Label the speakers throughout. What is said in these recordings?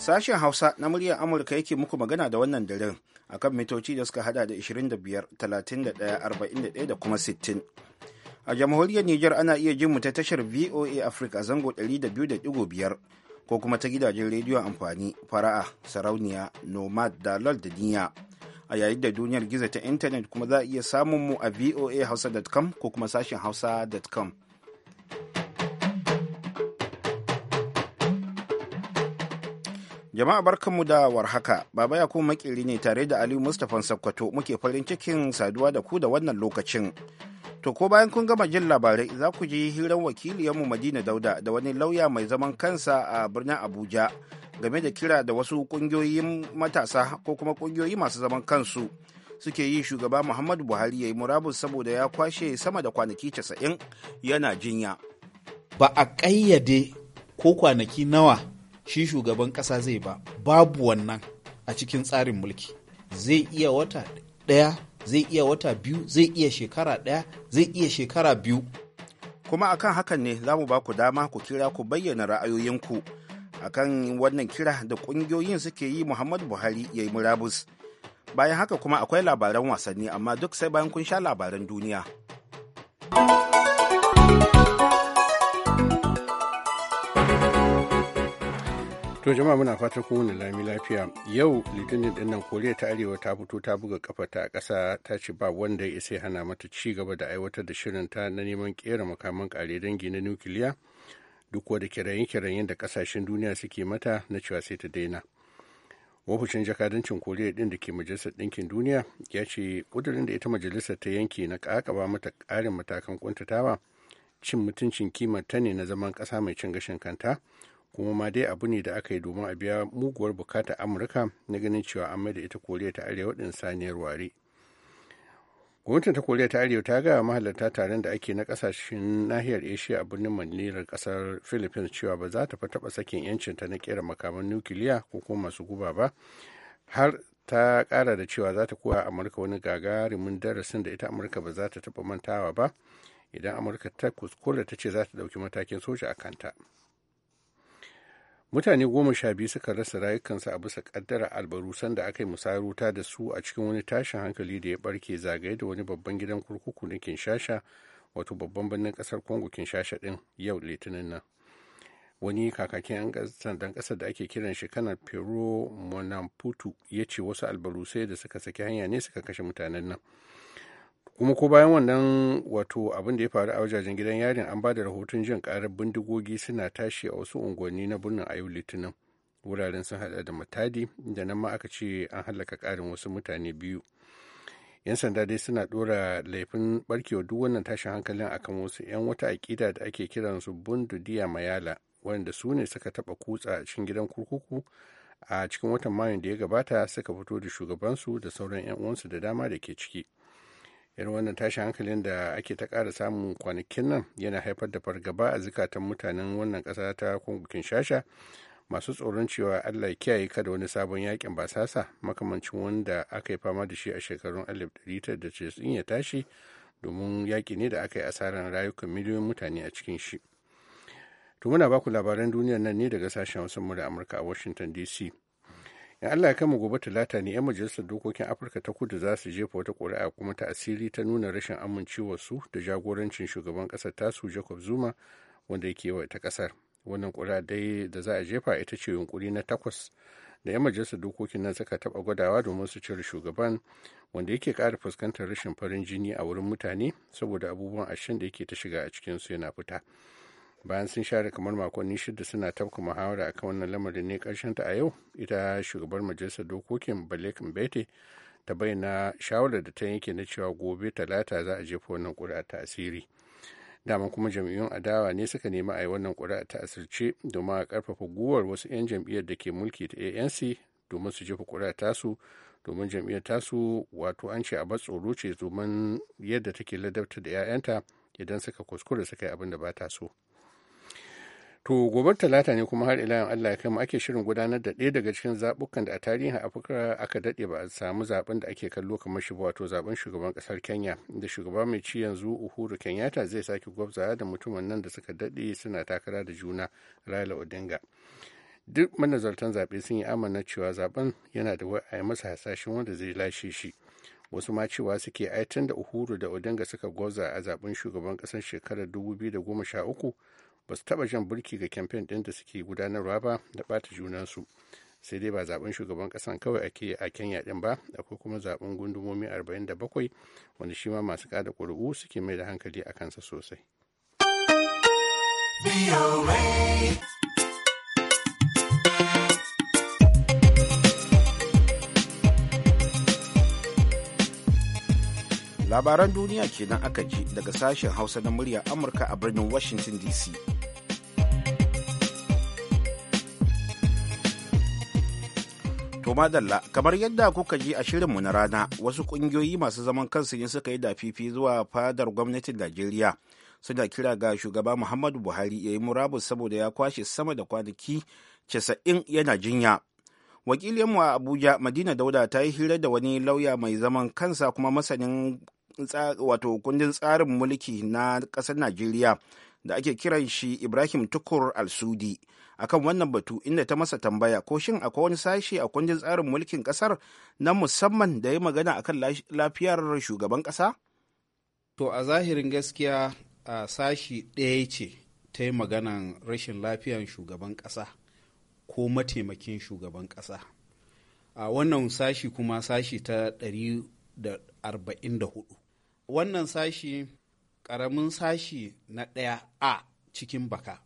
Speaker 1: Sashen Hausa na muryar Amurka yake muku magana da wannan daren kan mitoci da suka hada da 25, 31, 41 da kuma 60. A jamhuriyar Nijar ana iya jin mu ta tashar VOA Africa zango 200.5 ko kuma ta gidajen rediyo amfani fara'a sarauniya nomad da lal da niya a yayin da duniyar gizo ta intanet kuma za a iya samun mu a voa hausa.com ko kuma sashen hausa.com Jama'a barkanmu da warhaka, Baba ya kuma makiri ne tare da Aliyu Mustapha Sakkwato muke farin cikin saduwa da ku da wannan lokacin. To ko bayan kun gama jin labarai za ku ji hirar wakiliyarmu Madina Dauda da wani lauya mai zaman kansa a birnin Abuja game da kira da wasu kungiyoyin matasa ko kuma kungiyoyi masu zaman kansu suke yi shugaba Muhammadu Buhari ya yi murabus saboda ya kwashe sama da
Speaker 2: kwanaki casa'in yana jinya. Ba a ƙayyade ko kwanaki nawa shi shugaban ƙasa zai ba babu wannan a cikin tsarin mulki zai iya wata ɗaya zai iya wata biyu zai iya shekara ɗaya zai iya shekara biyu kuma akan hakan ne za mu ba ku dama ku kira ku bayyana ra'ayoyinku
Speaker 1: akan wannan kira da ƙungiyoyin suke yi muhammadu buhari ya yi murabus bayan haka kuma akwai labaran wasanni amma duk sai bayan kun sha labaran duniya.
Speaker 3: to jama'a muna fatan kun wani lami lafiya yau litinin din nan koriya ta arewa ta fito ta buga kafa ta ƙasa ta ce ba wanda ya isa hana mata ci gaba da aiwatar da shirin ta na neman kera makaman kare dangi na nukiliya duk wada kirayen-kirayen da kasashen duniya suke mata na cewa sai ta daina ofishin jakadancin koriya din da ke majalisar ɗinkin duniya ya ce ƙudurin da ita majalisar ta yanke na ƙaƙaba mata ƙarin matakan kuntatawa cin mutuncin kimar ta ne na zaman ƙasa mai cin gashin kanta kuma ma dai abu ne da aka yi domin a biya muguwar bukatar amurka na ganin cewa an mai da ita koriya ta arewa din saniyar ware gwamnatin ta koriya ta arewa ta gaya mahalarta taron da ake na kasashen nahiyar asia a birnin manilar kasar philippines cewa ba za ta fa taba sakin yancin ta na kera makaman nukiliya ko kuma masu guba ba har ta kara da cewa za ta koya amurka wani gagarumin darasin da ita amurka ba za ta taba mantawa ba idan amurka ta kuskure ta ce za ta dauki matakin soja a kanta mutane goma sha biyu suka rasa rayukansu a bisa kaddara albarusan da aka yi musaruta da su a cikin wani tashin hankali da ya barke zagaye da wani babban gidan kurkuku na kinshasha wato babban birnin kasar congo kinshasha din yau litinin nan wani kakakin yan sandan kasar da ake kiran shi kanar pero monamputu ya ce wasu albarusai da suka saki hanya ne suka kashe mutanen nan kuma ko bayan wannan wato abin da ya faru a wajajen gidan yarin an ba da rahoton jin karar bindigogi suna tashi a wasu unguwanni na birnin ayu litinin wuraren sun hada da matadi da nan ma aka ce an hallaka karin wasu mutane biyu yan sanda dai suna dora laifin barkewa duk wannan tashin hankalin akan wasu yan wata aƙida da ake kiransu bundudiya mayala wanda su ne suka taba kutsa a cikin gidan kurkuku a cikin watan mayun da ya gabata suka fito da shugabansu da sauran yan uwansu da dama da ke ciki irin wannan tashin hankalin da ake ta ƙara samun kwanakin nan yana haifar da fargaba a zukatan mutanen wannan ƙasa ta kongo kinshasa masu tsoron cewa allah kiyaye kada wani sabon yakin basasa makamancin wanda aka yi fama da shi a shekarun 1990 ya tashi domin yaƙi ne da aka yi asarar rayukan miliyoyin mutane a cikin shi to muna baku labaran duniyar nan ne daga sashen wasan mura amurka a washington dc in allah ya kama gobe talata ne yan majalisar dokokin afirka ta kudu za su jefa wata ƙuri'a kuma ta asiri ta nuna rashin amincewarsu da jagorancin shugaban ƙasar tasu jacob zuma wanda yake ta ƙasar wannan ƙuri'a dai da za a jefa ita ce yunkuri na takwas da 'yan majalisar dokokin nan suka taɓa gwadawa domin su cire shugaban wanda yake ƙara fuskantar rashin farin jini a wurin mutane saboda abubuwan ashen da yake ta shiga a cikinsu yana fita bayan sun share kamar makonni shida suna tafka muhawara akan wannan lamarin ne karshen ta a yau ita shugabar majalisar dokokin balek mbete ta bayyana shawarar da ta yanke na cewa gobe talata za a jefa wannan kuri'a ta asiri dama kuma jam'iyyun adawa ne suka nemi a yi wannan kuri'a ta asirce domin a ƙarfafa guwar wasu 'yan jam'iyyar da ke mulki ta anc domin su jefa kuri'a tasu domin jam'iyyar tasu wato an ce a bar tsoro ce domin yadda take ladabta da 'ya'yanta idan suka kuskure suka yi abin da ba ta so. to gobe talata ne kuma har ila yan allah kai ake shirin gudanar da ɗaya daga cikin zaɓukan da a tarihin afirka aka daɗe ba a samu zaɓen da ake kallo kamar shi wato zaɓen shugaban kasar kenya da shugaba mai ci yanzu uhuru kenyatta zai sake gwabza da mutumin nan da suka daɗe suna takara da juna raila odinga duk manazartan zaɓe sun yi amana cewa zaben yana da wai a yi masa hasashen wanda zai lashe shi wasu ma cewa suke aitan da uhuru da odinga suka gwabza a zaben shugaban kasar shekarar 2013 ba su taɓa jan burki ga kamfen din da suke gudanarwa ba da ɓata su sai dai ba zaben shugaban kasan kawai ake a kenya din ba akwai kuma zaben gundumomi 47 wanda shi ma masu kada ƙuri'u suke mai da hankali a kansa sosai
Speaker 1: labaran duniya kenan aka ji daga sashen hausa na murya amurka a birnin washington dc To madalla, kamar yadda kuka ji a shirinmu na rana, wasu ƙungiyoyi masu zaman kansu ne suka yi dafifi zuwa fadar gwamnatin Najeriya. Suna kira ga shugaba Muhammadu Buhari ya yi murabus saboda ya kwashe sama da kwanaki casa'in yana jinya. Wakilinmu a Abuja, Madina Dauda ta yi hira da wani lauya mai zaman kansa kuma masanin wato kundin tsarin mulki na ƙasar Najeriya, da ake kiran shi ibrahim tukur al-sudi akan wannan batu inda ta masa tambaya ko shin akwai wani sashi a kundin tsarin mulkin kasar na musamman
Speaker 2: da ya magana akan lafiyar shugaban kasa to a zahirin gaskiya a sashi ɗaya ce ta yi maganan rashin lafiyar shugaban kasa ko mataimakin shugaban kasa a wannan sashi kuma sashi ta 144 wannan sashi ƙaramin sashi na ɗaya a cikin baka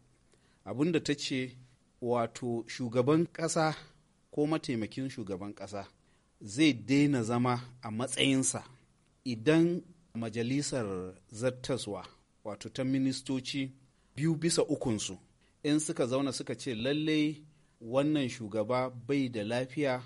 Speaker 2: abinda ta ce wato shugaban ƙasa ko mataimakin shugaban ƙasa zai daina zama a matsayinsa idan majalisar zattaswa wato ta ministoci biyu bisa ukunsu in suka zauna suka ce lallai wannan shugaba bai da lafiya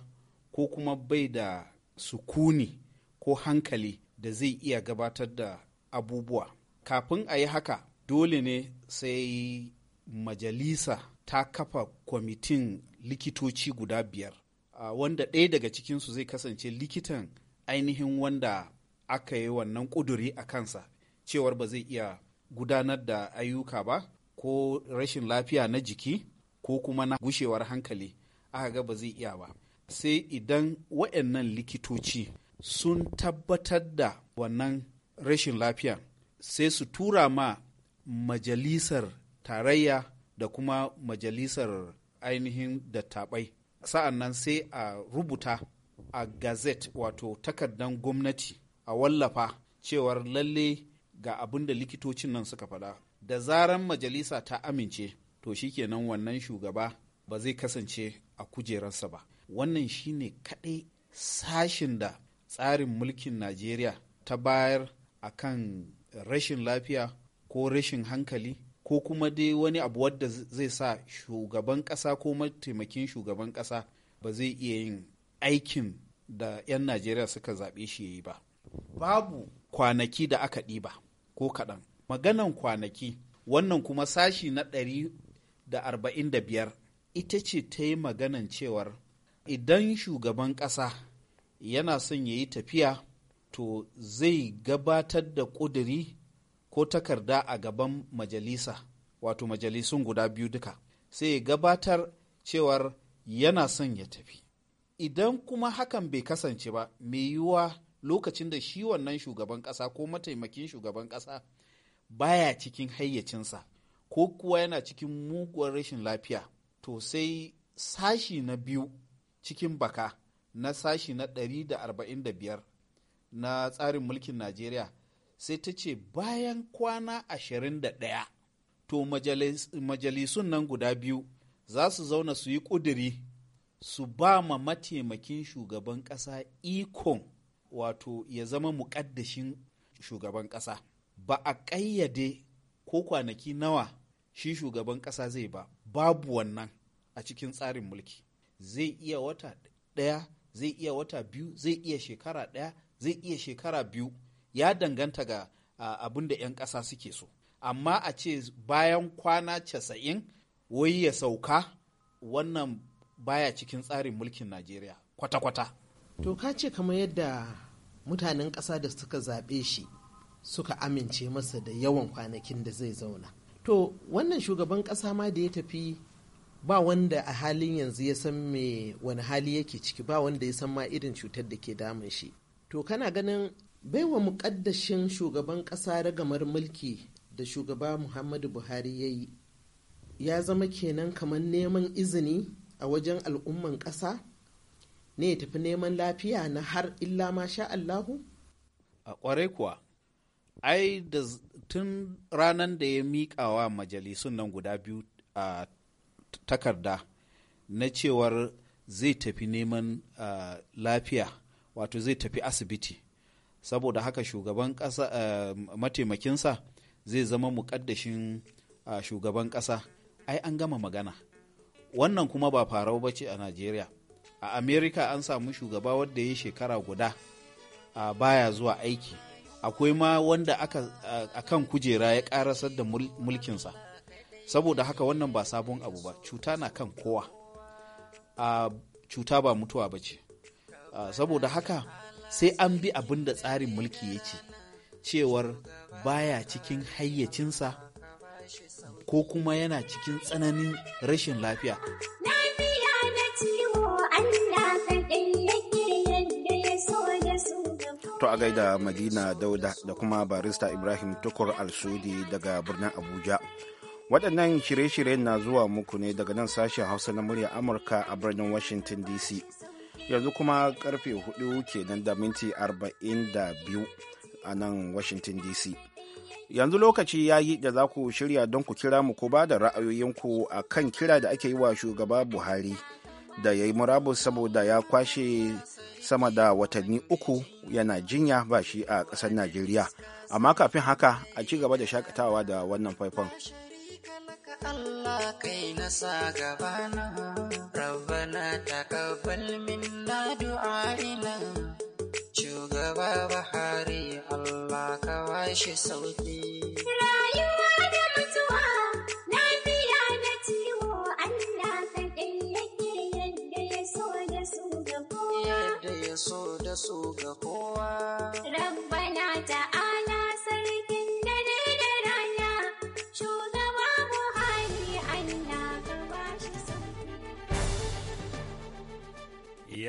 Speaker 2: ko kuma bai da sukuni ko hankali da zai iya gabatar da abubuwa kafin a yi haka dole ne sai majalisa ta kafa kwamitin likitoci guda biyar wanda ɗaya daga cikinsu zai kasance likitan ainihin wanda aka yi wannan ƙuduri a kansa cewar ba zai iya gudanar da ayyuka ba ko rashin lafiya na jiki ko kuma na gushewar hankali aka ga ba zai iya ba sai idan waɗannan likitoci sun tabbatar da wannan rashin lafiyan sai su tura ma majalisar tarayya da kuma majalisar ainihin dattabai sa'an nan sai a rubuta a gazet wato takardan gwamnati a wallafa cewar lalle ga abin da likitocin nan suka faɗa da zaran majalisa ta amince to shikenan wannan shugaba ba zai kasance a kujerarsa ba wannan shine kaɗai sashin da tsarin mulkin najeriya ta bayar a kan rashin lafiya ko rashin hankali ko kuma dai wani abu wadda zai sa shugaban ƙasa ko mataimakin shugaban ƙasa ba zai iya yin aikin da 'yan najeriya suka zaɓe shi ya yi ba babu kwanaki da aka ɗiba ko kaɗan maganan kwanaki wannan kuma sashi na ɗari da arba'in da biyar ita ce ta yi maganan cewar idan shugaban ƙasa yana son ya yi tafiya to zai gabatar da ƙuduri ko takarda a gaban majalisa wato majalisun guda biyu duka sai ya gabatar cewar yana son ya tafi idan kuma hakan bai kasance ba mai yiwuwa lokacin da shi wannan shugaban ƙasa ko mataimakin shugaban ƙasa baya cikin hayyacinsa ko kuwa yana cikin muguwar rashin lafiya to sai sashi na biyu cikin baka na sashi na 145 na tsarin mulkin najeriya sai ta ce bayan kwana ashirin da ɗaya to majalisun nan guda biyu za su zauna su yi ƙuduri su ba ma mataimakin shugaban ƙasa ikon wato ya zama muƙaddashin shugaban ƙasa ba a ƙayyade ko kwanaki nawa shi shugaban ƙasa zai ba babu wannan a cikin tsarin mulki zai iya wata ɗaya zai iya wata biyu zai iya shekara ɗaya zai iya shekara biyu ya danganta ga abin da 'yan ƙasa suke so amma a ce bayan kwana casa'in wai ya sauka wannan baya cikin tsarin mulkin najeriya kwata-kwata to ka ce kamar yadda mutanen ƙasa da suka zaɓe shi suka amince masa da yawan kwanakin da zai zauna to wannan shugaban ƙasa ma da ya tafi ba wanda a halin yanzu ya san me wani hali yake ciki ba wanda ya san ma irin cutar da ke damun shi to kana ganin baiwa muƙaddashin shugaban ƙasa ragamar mulki da shugaba muhammadu buhari ya yi ya zama kenan kamar neman izini a wajen al'umman ƙasa ne tafi neman lafiya na har illa ma sha Allahu? A ƙwarai kuwa, ai da tun ranar da ya miƙa wa majalisun nan guda biyu a takarda na cewar zai tafi neman lafiya wato zai tafi asibiti saboda haka shugaban ƙasa eh, mataimakinsa zai zama muƙaddashin eh, shugaban ƙasa ai an gama magana wannan kuma ba farau ba ce a najeriya a amerika an samu shugaba wanda ya yi shekara guda a baya zuwa aiki akwai ma wanda aka a kan kujera ya karasar da mulkinsa saboda haka wannan ba sabon abu ba cuta na kan kowa uh, cuta ba mutuwa ba ce Ah, saboda haka sai an bi abin da tsarin mulki ya ce cewar baya cikin hayyacinsa ko kuma yana cikin tsananin rashin lafiya.
Speaker 1: To a gaida Madina Dauda da kuma barista Ibrahim Tukur Al-Sudi daga birnin Abuja. Waɗannan shirye-shiryen na zuwa muku ne daga nan sashen Hausa na murya Amurka a birnin Washington DC. yanzu kuma karfe 4 kenan da minti 42 a nan washington dc yanzu lokaci ya yi da za ku shirya don ku kira mu ko ba da ra'ayoyinku a kan kira da ake yi wa shugaba buhari da ya yi murabus saboda ya kwashe sama da watanni uku yana jinya ba shi a ƙasar najeriya amma kafin haka a ci gaba da shakatawa da wannan faifan.
Speaker 2: ka Allah kai na sa gabana rabbana taqabbal minna du'aina
Speaker 1: shugaba bahari Allah ka washe sauti.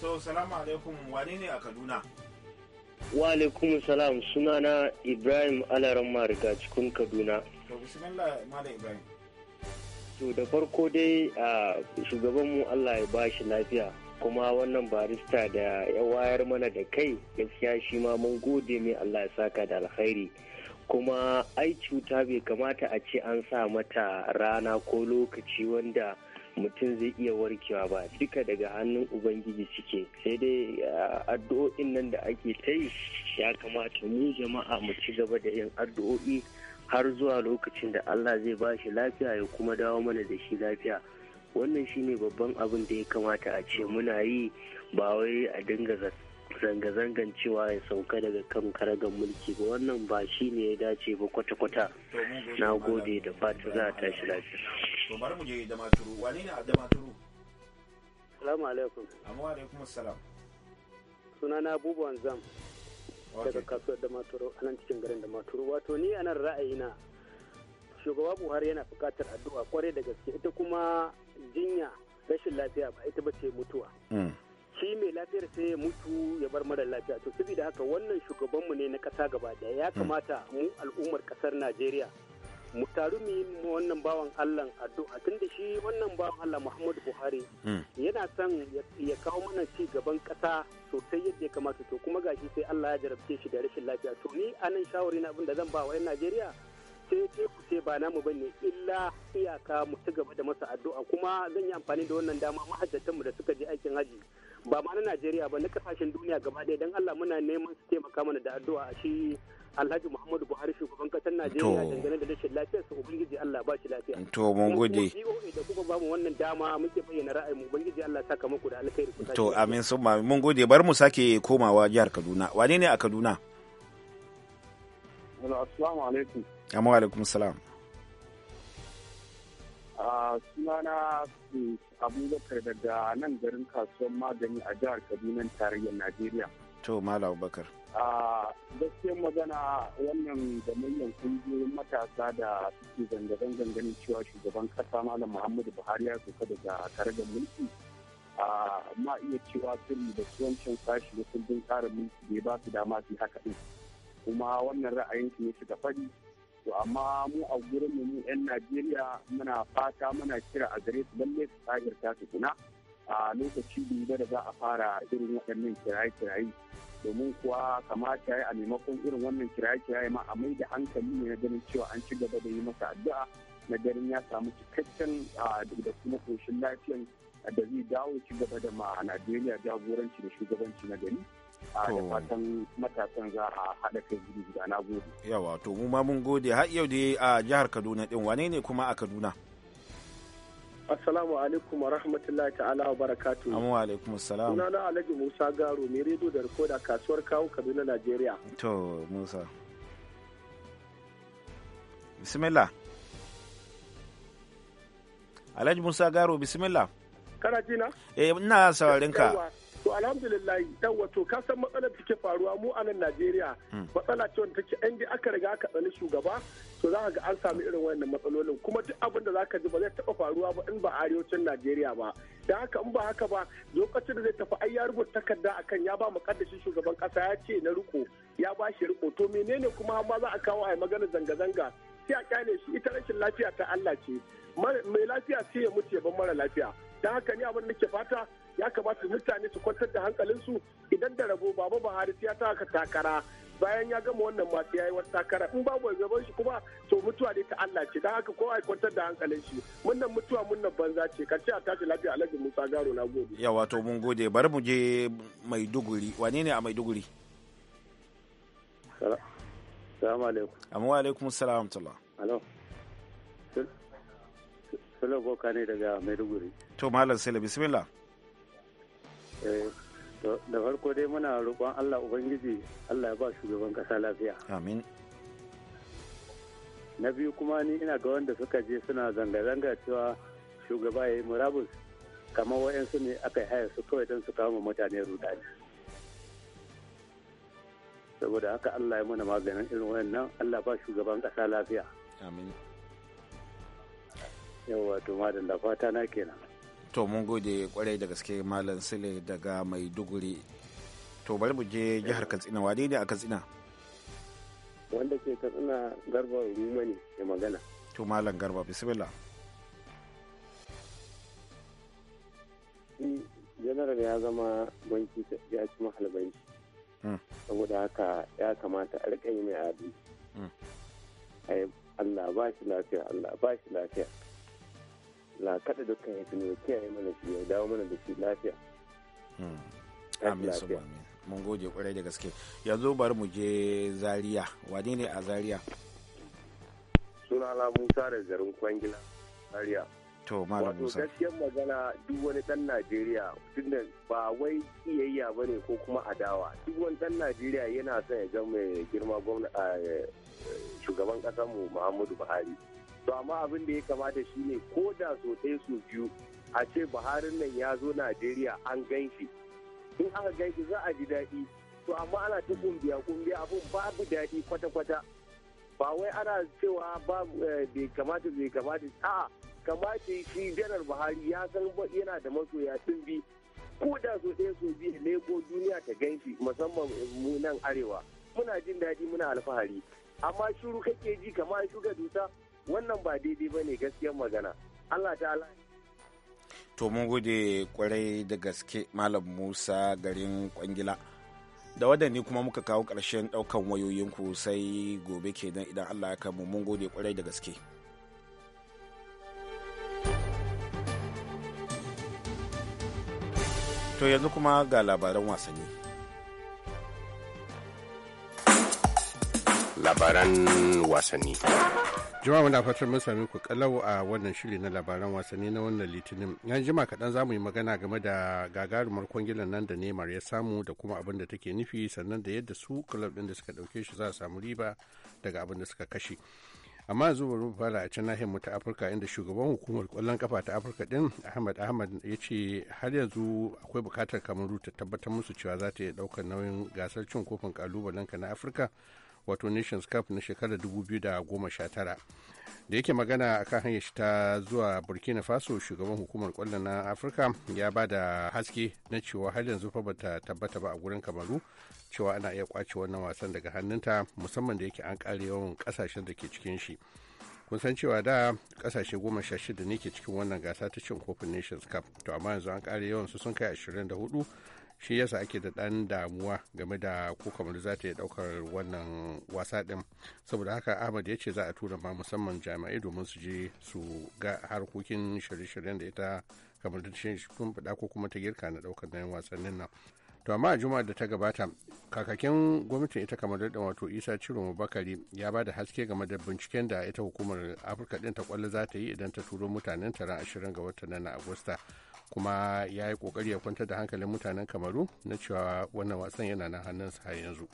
Speaker 1: so salamu alaikum wane ne a kaduna
Speaker 4: wa alaikum salam na ibrahim alaran mariga cikin kaduna
Speaker 1: to bismillah malam ibrahim
Speaker 4: to da farko dai a shugabanmu allah ya bashi lafiya kuma wannan barista da ya wayar mana da kai gaskiya shi ma mun gode mai Allah ya saka da alkhairi kuma ai cuta bai kamata a ce an sa mata rana ko lokaci wanda mutum zai iya warkewa ba duka daga hannun ubangiji suke sai dai ah, addu'o'in nan da ake ta yi ya kamata mu jama'a mu ci gaba da yin addu'o'i har zuwa lokacin da allah zai ba shi lafiya ya kuma dawo mana da shi lafiya wannan shine babban abin da ya kamata a ce muna yi ba wai a dinga zanga-zangan cewa ya sauka daga kan karagar mulki ba wannan ba shi ne ya dace ba kwata-kwata
Speaker 1: na gode da fata za a tashi lafiya. to mu je da maturu wani ne da maturu salamu alaikum amma alaikum salam suna na abubuwan zam daga kasuwar da
Speaker 4: maturu a nan cikin garin da maturu wato ni a nan ra'ayina shugaba buhari yana buƙatar addu'a kwarai da gaske ita kuma jinya rashin lafiya ba ita ba ce mutuwa mm. shi mai lafiyar sai ya mutu ya bar mara lafiya to saboda haka wannan shugabanmu ne na kasa gaba daya ya hmm. kamata mu al'ummar kasar najeriya mu taru mu yi wannan bawan Allah addu'a tun da shi wannan bawan Allah Muhammadu Buhari hmm. yana son ya kawo mana ci gaban ƙasa sosai yadda ya kamata to kuma gashi sai Allah ya jarabce shi da rashin lafiya to ni anan shawari na abin da zan ba wa 'yan Najeriya sai ce ku ce ba namu bane illa iyaka mu ci gaba da masa addu'a kuma zan yi amfani da wannan dama mahajjatan mu da suka je aikin haji ba ma na Najeriya ba na kasashen duniya gaba ɗaya dan Allah muna neman su taimaka mana da addu'a shi Alhaji Muhammadu Buhari shugaban kasar Najeriya dangane da rashin lafiyar sa ubangiji Allah ba shi lafiya.
Speaker 1: To mun gode.
Speaker 4: da kuka ba mu wannan dama muke bayyana ra'ayin ubangiji Allah saka muku da alkhairi.
Speaker 5: To
Speaker 1: amin sun mun gode bar mu sake komawa jihar Kaduna. Wane ne a Kaduna?
Speaker 5: Assalamu alaikum.
Speaker 1: Amma alaikum salam.
Speaker 5: suna sunana abubakar daga nan garin kasuwar magani a jihar kaduna tarayyar najeriya to mala abubakar a gaskiyar magana wannan da manyan kungiyoyin matasa da suke zanga ganin cewa shugaban kasa malam muhammadu buhari ya soka daga tare da mulki a ma iya cewa sun da wancan sashi na kundin tsarin mulki bai ba su dama su haka din kuma wannan ra'ayin su ne suka faɗi to amma mu a gurin mu yan najeriya muna fata muna kira a gare su lalle su tsagir ta tukuna a lokaci duba da za a fara irin waɗannan kiraye-kiraye domin kuwa kamata ya a maimakon irin wannan kiraye-kiraye ma a mai da hankali ne na ganin cewa an ci gaba da yi masa addu'a na ganin ya samu cikakken da kuma koshin lafiyan da zai dawo ci gaba da ma Najeriya jagoranci da shugabanci na gari da fatan matasan za a haɗa kai gudu guda na gode.
Speaker 1: Yawa to mu ma mun gode har yau dai a jihar Kaduna din wane ne kuma a Kaduna?
Speaker 6: Assalamu alaikum wa rahmatullahi ta'ala wa barakatu. amma
Speaker 1: alaikum assalam. Suna na
Speaker 6: Alhaji Musa Garo mai rediyo da rikoda kasuwar kawo Kaduna Najeriya.
Speaker 1: To Musa. Bismillah. Alhaji Musa Garo bismillah. Kana jina? Eh ina sauraron
Speaker 6: ka. To alhamdulillah yawa to ka san matsalar take faruwa mu a nan Najeriya hmm. matsala ce wanda take inda aka riga aka tsani shugaba to za ka ga an sami irin wannan matsalolin kuma duk abin da zaka ji ba zai taba faruwa ba in ba arewacin Najeriya ba. Da haka in ba haka ba lokacin da zai tafi ai ya rubuta takarda akan ya ba mu mukaddashin shugaban kasa ya ce na riko ya ba shi riko to menene kuma ma za a kawo a magana zanga-zanga sai a kyale shi ita rashin lafiya ta Allah ce mai lafiya sai ya mutu ya bar mara lafiya. dan haka ni abin da ke fata ya kamata mutane su kwantar da hankalinsu idan da rabo baba buhari ya taka takara bayan ya gama wannan masu yayi wata takara in babu gaban shi kuma to mutuwa ne ta Allah ce dan haka kowa ya kwantar da hankalin shi wannan mutuwa munnan banza ce karshe a tashi lafiya Alhaji Musa Garo na gode
Speaker 1: ya to mun gode bari mu je Maiduguri wane ne a Maiduguri Assalamu alaikum Amma wa alaikum salaam tala
Speaker 5: Hello
Speaker 4: Sule Boka ne daga Maiduguri
Speaker 1: To Malam Sule bismillah
Speaker 4: Eh, da farko dai muna roƙon Allah Ubangiji Allah ya ba shugaban ƙasa lafiya. Amin. Na biyu kuma ni ina ga wanda suka je suna zanga-zanga cewa shugaba ya yi murabus kamar wa'yansu ne aka haya su kawai don su kawo mutane rudani. Saboda haka Allah ya muna maganin irin nan Allah ba shugaban ƙasa lafiya. Amin. Yawwa to da fata na kenan.
Speaker 1: to mun gode kwarai da gaske malam sule daga maiduguri to bari mu je jihar katsina wa ne a katsina
Speaker 5: wanda ke katsina garba ruma ne ya magana
Speaker 1: to malam garba bismillah
Speaker 5: general ya zama banki ya ci mahalbanci hmm. saboda haka ya kamata a rikai mai abi hmm. Allah ba shi lafiya Allah ba shi lafiya la kada dukkan hitinu ya kiyaye mana shi ya dawo mana da shi lafiya
Speaker 1: hmm. amin su amin mun goje kwarai da gaske yanzu bari mu je zaria wane ne a zaria
Speaker 6: suna la musa da zarin kwangila zaria
Speaker 1: to malam musa wato
Speaker 6: gaskiyar magana duk wani dan najeriya tunda ba wai kiyayya ba ne ko kuma adawa duk wani dan najeriya yana son ya ga mai girma gwamna eh, eh, shugaban kasar mu muhammadu buhari to amma abin da ya kamata shine ko da so ɗaya su biyu a ce buharin nan ya zo najeriya an gan shi in aka gan shi za a ji daɗi to amma ana ta kumbiya kumbiya abin babu daɗi kwata-kwata ba wai ana cewa babu eh, bai kamata bai kamata a kamata shi janar buhari ya san yana da masoya tun bi ko da so ɗaya so biyu ko duniya ta gan shi musamman mu nan arewa muna jin daɗi muna alfahari amma shiru kake ji kamar shuka dusa wannan ba daidai ba ne gaskiyar magana allah ala
Speaker 1: to mun gode kwarai da gaske malam musa garin kwangila da wadanni kuma muka kawo ƙarshen ɗaukan wayoyinku sai gobe kenan idan allah ya mu mun gode kwarai da gaske to yanzu kuma ga labaran wasanni
Speaker 3: labaran wasanni jima'a muna fatan mun sami ku kalau a wannan shiri na labaran wasanni na wannan litinin. Yan jima kaɗan za mu yi magana game da gagarumar kwangilan nan da Neymar ya samu da kuma abin da take nufi sannan da yadda su club ɗin da suka ɗauke shi za a samu riba daga abin da suka kashe. amma yanzu bari mu fara a can nahiyar ta afirka inda shugaban hukumar kwallon kafa ta afirka din ahmad ahmad ya ce har yanzu akwai bukatar kamaru ta tabbatar musu cewa za ta iya daukar nauyin gasar cin kofin kalubalen ka na afirka wato nations cup na shekarar 2019 da yake magana a kan hanyar ta zuwa burkina faso shugaban hukumar kwallo na afirka ya ba da haske na cewa har yanzu fa bata tabbata ba a gurin kamaru cewa ana iya kwace wannan wasan daga hannunta musamman da yake an kare yawan kasashen da ke cikin shi kun san cewa da kasashe goma sha shida ne ke cikin wannan gasa ta cin kofin nations cup to amma yanzu an kare yawan su sun kai ashirin da hudu shi yasa ake da ɗan damuwa game da ko kamar za ta iya ɗaukar wannan wasa ɗin saboda haka ahmad ya ce za a tura ma musamman jami'ai domin su je su ga harkokin shirye-shiryen da ita kamar da tun faɗa ko kuma ta girka na ɗaukar nan wasannin nan to amma a juma'a da ta gabata kakakin gwamnatin ita kamar da wato isa ciro bakari ya ba da haske game da binciken da ita hukumar afirka din ta kwallo za ta yi idan ta turo mutanen taron 20 ga watan nan na agusta kuma ya yi kokari ya kwantar da hankalin mutanen kamaru na cewa wannan wasan yana na hannunsa har yanzu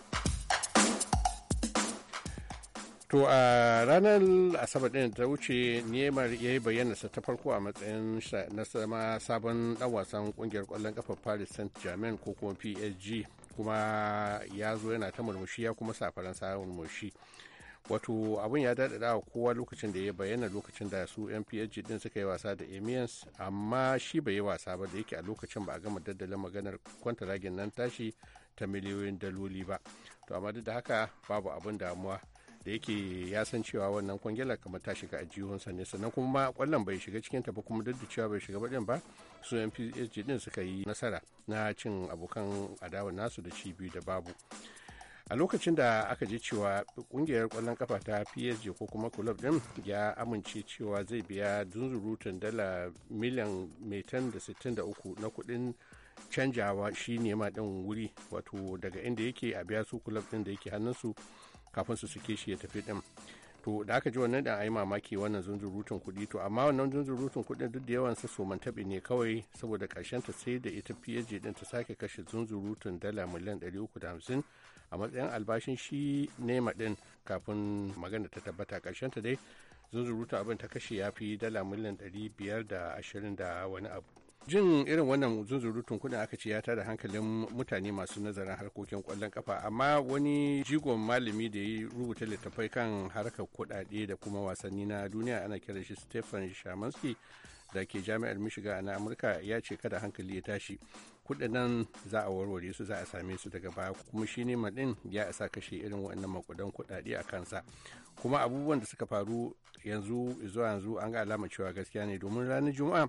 Speaker 3: to a ranar asabar ɗin ta wuce neymar ya yi bayyanarsa ta farko a matsayin na sama sabon ɗan wasan ƙungiyar kwallon ƙafar paris saint germain ko kuma psg kuma ya zo yana ta murmushi ya kuma sa faransa murmushi wato abin ya daɗaɗa wa kowa lokacin da ya bayyana lokacin da su yan din suka yi wasa da emians amma shi bai yi wasa ba da yake a lokacin ba a gama daddala maganar kwantaragin nan tashi ta miliyoyin daloli ba to amma duk da haka babu abin damuwa da yake ya san cewa wannan kwangila kamar ta shiga ajihunsa ne sannan kuma kwallon bai shiga cikin ta ba kuma duk da cewa bai shiga baɗin ba su yan din suka yi nasara na cin abokan adawa nasu da cibiyu da babu a lokacin da aka ji cewa kungiyar kwallon kafa ta psg ko kuma kulob din ya amince cewa zai biya dunzurutun dala miliyan metan da 63 na kudin canjawa shi nema din wuri wato daga inda yake a biya su kulob din da yake hannunsu kafin su suke shi ya tafi din to da aka ji wannan din ayi mamaki wannan rutun kuɗi to amma wannan rutun kuɗin duk da yawan so soman taɓi ne kawai saboda ƙarshen ta sai da ita PSG din ta sake kashe rutun dala miliyan 350 a matsayin albashin shi nema din kafin magana ta tabbata ƙarshen ta dai rutun abin ta kashe ya fi dala miliyan 520 da wani abu jin irin wannan zunzurutun kudin aka ce ya tada hankalin mutane masu nazarin harkokin kwallon kafa amma wani jigon malami da ya rubuta littafai kan harkar kudade da kuma wasanni na duniya ana kira shi stephen shamansky da ke jami'ar michigan na amurka ya ce kada hankali ya tashi nan za a warware su za a same su daga baya kuma shi ne din ya isa kashe irin waɗannan makudan kudade a kansa kuma abubuwan da suka faru yanzu zuwa yanzu an ga alama cewa gaskiya ne domin ranar juma'a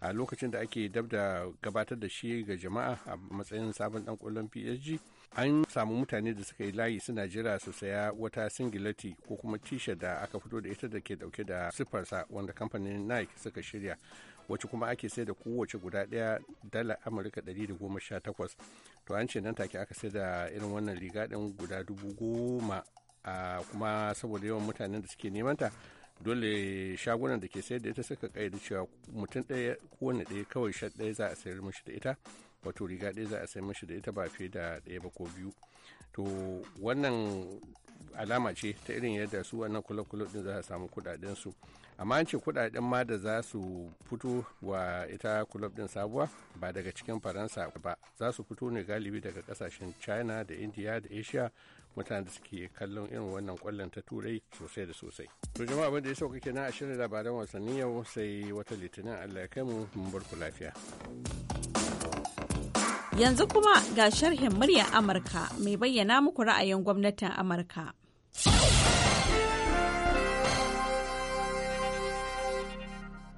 Speaker 3: a lokacin da ake dab da gabatar da shi ga jama'a a matsayin sabon dan kwallon psg an samu mutane da suka yi layi suna jira su saya wata singileti ko kuma tisha da aka fito da ita da ke dauke da siffarsa wanda kamfanin nike suka shirya wacce kuma ake sai da kowace guda ɗaya dala amurka 118 to an ce nan take aka sai da irin wannan riga ɗin guda dubu goma kuma saboda yawan mutanen da suke neman ta. dole shagunan da ke sayar da ita suka kaida cewa mutum ɗaya kowane ɗaya kawai shat ɗaya za a sayar mashi da ita wato riga ɗaya za a sayar mashi da ita ba fiye da ɗaya ba ko biyu to wannan alama ce ta irin yadda su wannan kula-kula din za a samu kuɗaɗen su amma an ce kuɗaɗen ma da za su fito wa ita kulob din sabuwa ba daga cikin faransa ba za su fito ne galibi daga kasashen china da india da asia mutanen da suke kallon irin wannan kwallon ta turai sosai da sosai to jama'a abin da ya sauka kenan a shirin labaran wasanni yau sai wata litinin allah ya kai mu mun bar ku lafiya
Speaker 7: yanzu kuma ga sharhin muryar amurka mai bayyana muku ra'ayin gwamnatin amurka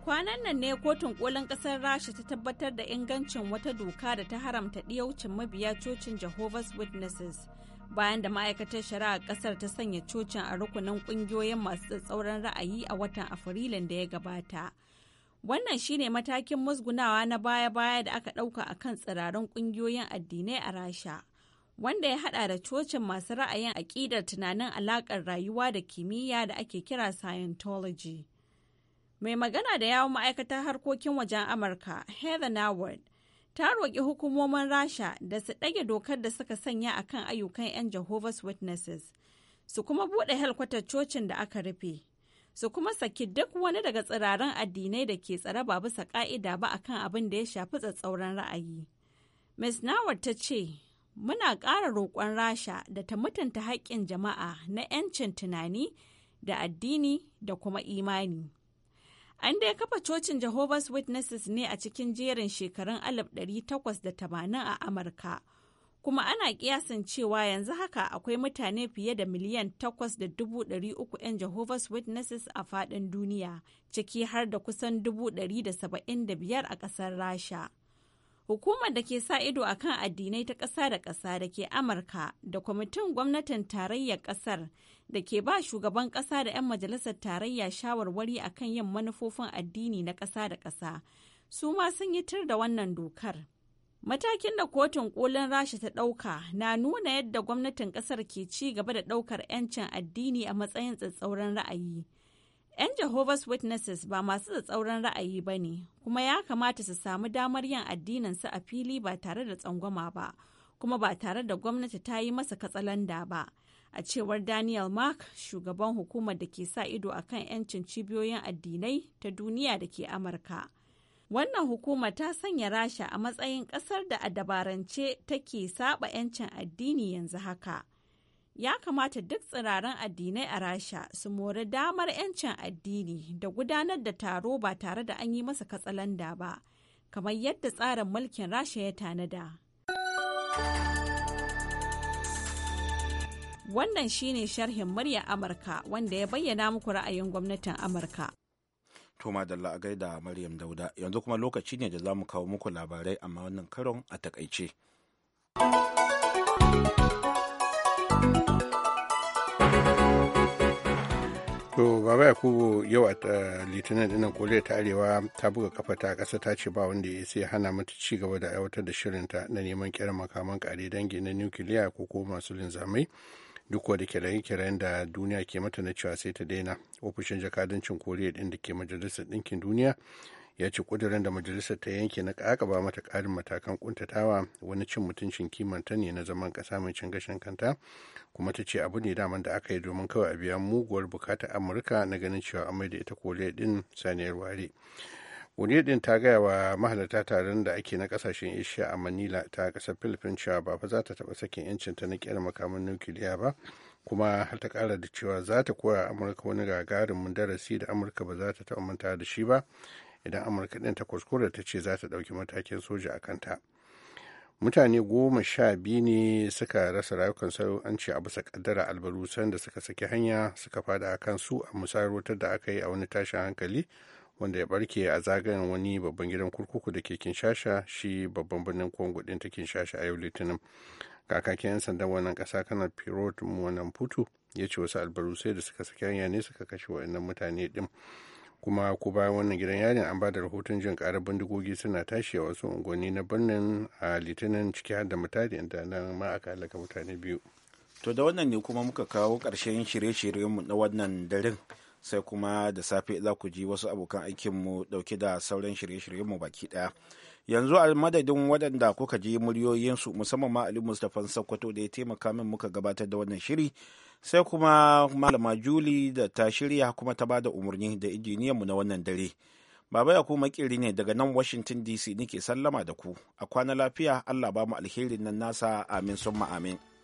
Speaker 7: kwanan nan ne kotun kolin kasar rasha ta tabbatar da ingancin wata doka da ta haramta ɗiyaucin mabiya cocin jehovah's witnesses bayan da ma'aikatar shari'a kasar ta sanya cocin a rukunin kungiyoyin masu tsatsauran ra'ayi a watan afrilun da ya gabata wannan shine matakin musgunawa na baya-baya da aka ɗauka a kan tsirarin kungiyoyin addinai a rasha wanda ya hada da cocin masu ra'ayin aƙidar tunanin alaƙar rayuwa da kimiyya da ake kira scientology mai magana da yawon ma'aikatar harkokin wajen amurka heather naward ta roƙi hukumomin rasha da su ɗage dokar da suka sanya a kan ayyukan 'yan jehovah's witnesses su kuma buɗe helkwatar cocin da aka rufe su kuma saki duk wani daga tsiraren addinai da ke tsare ba bisa ƙa'ida ba a kan abin da ya shafi tsatsauran ra'ayi ms nawar ta ce muna ƙara roƙon rasha da ta mutunta haƙƙin jama'a na 'yancin tunani da addini da kuma imani An dai kafa cocin Jehovah's Witnesses ne a cikin jerin shekarun 1880 a Amurka. Kuma ana kiyasan cewa yanzu haka akwai mutane fiye da miliyan 8,300 'yan Jehovah's Witnesses a faɗin duniya, ciki har da kusan 175 a ƙasar Rasha. Hukumar da ke sa ido a kan addinai ta ƙasa da ƙasa da ke Amurka da kwamitin gwamnatin tarayyar ƙasar da ke ba shugaban ƙasa da 'yan majalisar tarayya shawarwari a kan yin manufofin addini na ƙasa da ƙasa su ma sun yi tir da wannan dokar matakin da kotun kolin rasha ta ɗauka na nuna yadda gwamnatin ƙasar ke ci gaba da ɗaukar 'yancin addini a matsayin tsatsauran ra'ayi 'yan jehovah's witnesses ba masu tsatsauran ra'ayi ba ne kuma ya kamata su samu damar yin addininsu a fili ba tare da tsangwama ba kuma ba tare da gwamnati ta yi masa katsalanda ba a cewar daniel mark shugaban hukumar da ke sa ido a kan 'yancin cibiyoyin addinai ta duniya da ke amurka wannan hukuma ta sanya rasha a matsayin kasar da a dabarance take saba 'yancin addini yanzu haka ya kamata duk tsiraran addinai a rasha su mori damar 'yancin addini da gudanar da taro ba tare da an yi masa katsalanda ba kamar yadda tsarin mulkin rasha ya tanada. Wannan shine sharhin murya Amurka wanda ya bayyana muku ra'ayin gwamnatin Amurka.
Speaker 1: toma madalla a gaida Maryam Dauda yanzu kuma lokaci ne da za mu kawo muku labarai amma wannan karon a takaice.
Speaker 3: To Baba Yakubu yau a Litinin dinan Koriya ta Arewa ta buga kafa ta kasa ta ce ba wanda ya sai hana mata ci gaba da aiwatar da shirinta na neman kiran makaman kare dangi na nukiliya ko ko masu linzamai duk wadda kiraye-kirayen da duniya ke mata na cewa sai ta daina ofishin jakadancin koriya din da ke majalisar ɗinkin duniya ya ci ƙudurin da majalisar ta yanke na ba mata ƙarin matakan ƙuntatawa wani cin mutuncin kimanta ne na zaman ƙasa mai cin gashin kanta kuma ta ce abu ne daman da aka yi domin kawai a biya muguwar bukatar amurka na ganin cewa amai da ita koriya din saniyar ware wani din ta gaya wa mahalarta taron da ake na kasashen asia a manila ta kasar philippines cewa ba fa za ta taba sakin yancin ta na kera makaman nukiliya ba kuma har ta kara da cewa za ta koya amurka wani gagarin gagarumin darasi da amurka ba za ta taba manta da shi ba idan amurka ɗin ta kuskure ta ce za ta ɗauki matakin soja a kanta mutane goma sha biyu ne suka rasa rayukan an ce a bisa kaddara albarusan da suka saki hanya suka fada a su a musayar wutar da aka yi a wani tashin hankali wanda ya barke a zagayen wani babban gidan kurkuku da ke kinshasha shi babban birnin kongo din ta kinshasha a yau litinin kakakin 'yan sandan wannan kasa kanar pirot putu ya ce wasu sai da suka saki hanya ne suka kashe wa'annan mutane din kuma ko bayan wannan gidan yarin an ba da rahoton jin karar bindigogi suna tashi a wasu unguwanni na birnin a litinin ciki har da mutane da nan ma aka halaka mutane biyu to da wannan ne kuma muka kawo
Speaker 1: ƙarshen shirye-shiryenmu na wannan daren sai kuma da safe za ku ji wasu abokan aikinmu dauke da sauran shirye-shiryenmu baki daya yanzu a madadin waɗanda kuka ji muryoyinsu musamman ma ali mustapha sokoto da ya taimaka min muka gabatar da wannan shiri sai kuma malama juli da ta shirya kuma ta ba da umarni da injiniyanmu na wannan dare baba ya kuma makiri ne daga nan washington dc nike sallama da ku a kwana lafiya allah ba mu alherin nan nasa amin summa amin